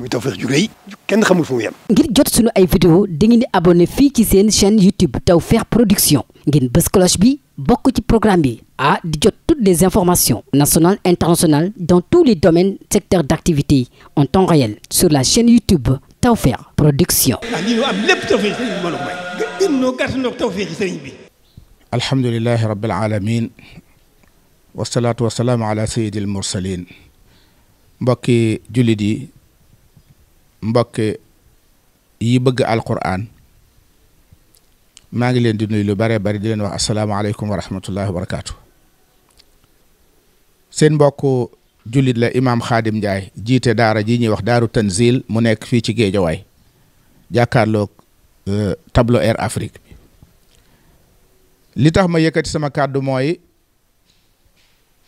muy Tawfekh ju kenn xamul fu mu ngir jot sunu ay vidéo dangeen di abonné fii ci seen chaîne YouTube Tawfekh Production ngeen bës cloche bi bokk ci programme bi ah di jot toutes les informations nationales internationales dans tous les domaines secteurs d'activité en temps réel sur la chaîne YouTube Tawfekh Production. ah lii ñu am lépp Tawfekh sëriñ bi mbooloo mooy. gën gën ñoo gàtt ñoo Tawfekh sëriñ bi. mbokk yi bëgg alquran maa ngi leen di nuyu lu bare bari di leen wax asalaamaaleykum wa rahmatullahi wa barakaatu seen mbokk jullit la imaam xaadim Ndiaye jiite daara ji ñuy wax daaru Tanzil mu nekk fii ci Géejawaay jàkkaarloog euh, tableau Air Afrique li tax ma yëkkati sama kàddu mooy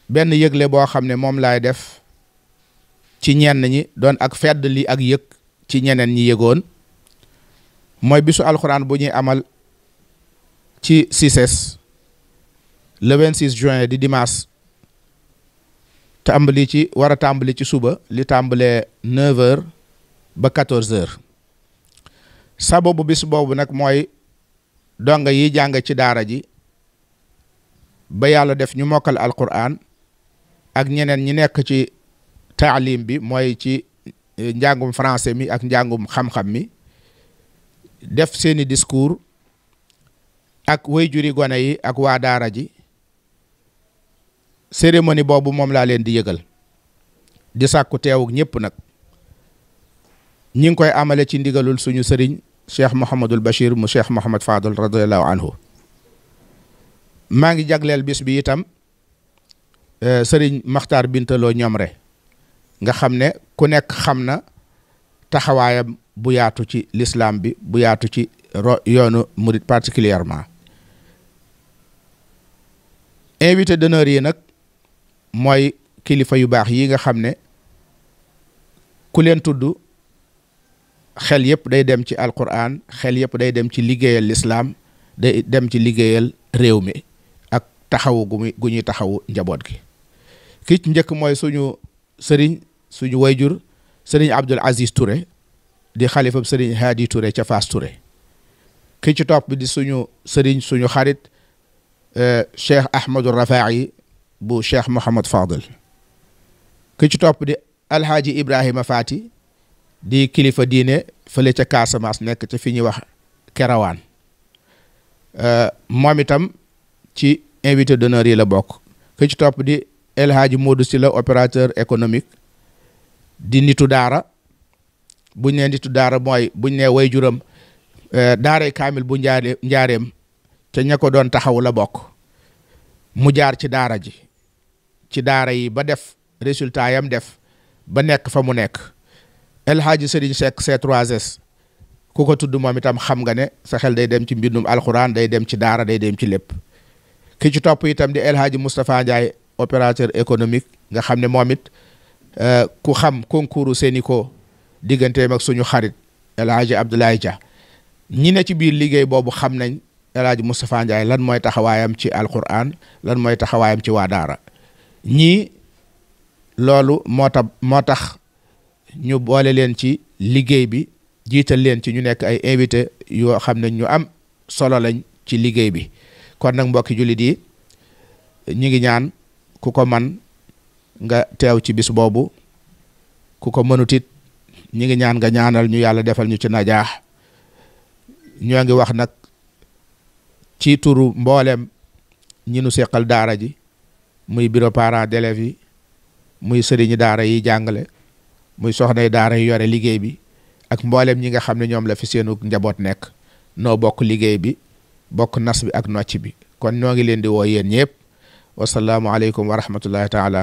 benn yëgle boo xam ne moom laay def ci ñenn ñi doon ak fedd li ak yëg ci ñeneen ñi yëgoon mooy bisu alxuraan bu ñuy amal ci CICES le 26 juin di dimanche tàmbali ci war a tàmbali ci suba li tàmbalee 9h ba 14h sababu bis boobu nag mooy donga yi jàng ci daara ji ba yàlla def ñu mokkal alquran ak ñeneen ñi nekk ci taalim bi mooy ci Eh, njàngum français mi ak njàngum xam-xam mi def seeni discours ak wayjuri gone yi ak waa daara ji cérémonie boobu moom laa leen di yëgal di sàkku teewuk ñëpp nag ñi ngi koy amale ci ndigalul suñu sëriñ cheikh Mouhamadul Bachir mu sheikh Mouhamad Fadul radiallahu anhu maa ngi jagleel bis bi itam eh, sëriñ Makhtar Bintaloo ñoom nga xam ne ku nekk xam na taxawaayam bu yaatu ci lislaam bi bu yaatu ci yoonu murit particulièrement invité d'honneur yi nag mooy kilifa yu baax yi nga xam ne ku leen tudd xel yëpp day dem ci alquran xel yëpp day dem ci liggéeyal lislaam day dem ci liggéeyal réew mi ak taxawu gu muy gu ñuy taxawu njaboot gi ki ci njëkk mooy suñu sëriñ suñu wayjur sëriñ Abdul Aziz Touré di xalifam sëriñ Hadi Touré ca Fass Touré ki ci topp di suñu sëriñ suñu xarit euh, cheikh Ahmadou Rafaayi bu cheikh Mouhamad Fadel ki ci topp di Alhaji Ibrahima Fati di kilifa diine fële ca Casamance nekk ca fi ñuy wax Kerawaan euh, moom itam ci invité d'honneur yi la bokk ki ci topp di El Hadji Modou la opérateur économique di nitu daara buñ nee nitu daara mooy buñ nee way juram eh, daaray kaamil bu njaare njaareem te ña ko doon taxaw la bokk mu jaar ci daara ji ci daara yi ba def résultat yam def ba nekk fa mu nekk El Hadji sek Seck c 3 ku ko tudd moom itam xam nga ne sa xel day dem ci mbindum alxuraan day dem ci daara day dem ci lépp ki ci topp itam di El Hadji Moustapha Ndiaye économique nga xam ne moom it Euh, ku xam concours Sénico digganteem ak suñu xarit El Hadj Abdoulaye Dia ñi ne ci biir liggéey boobu xam nañ El Hadj Moustapha lan mooy taxawaayam ci alquran lan mooy taxawaayam ci waa daara ñii loolu moo tax moo tax ñu boole leen ci liggéey bi jiital leen ci ñu nekk ay invité yoo xam ne ñu am solo lañ ci liggéey bi kon nag mbokki jullit yi ñu ngi ñaan ku ko man nga teew ci bis boobu ku ko mënut it ñi ngi ñaan nga ñaanal ñu yàlla defal ñu ci najaax ñoo ngi wax nag ci turu mboolem ñi nu seqal daara ji muy bureau parent d'élèves yi muy sëriñi daara yi jàngale muy soxnay daara yi yore liggéey bi ak mboolem ñi nga xam ne ñoom la fi seenu njaboot nekk noo bokk liggéey bi bokk nas bi ak nocc bi kon ñoo ngi leen di woo yéen ñëpp wasalaamualeykum wa rahmatullahi taala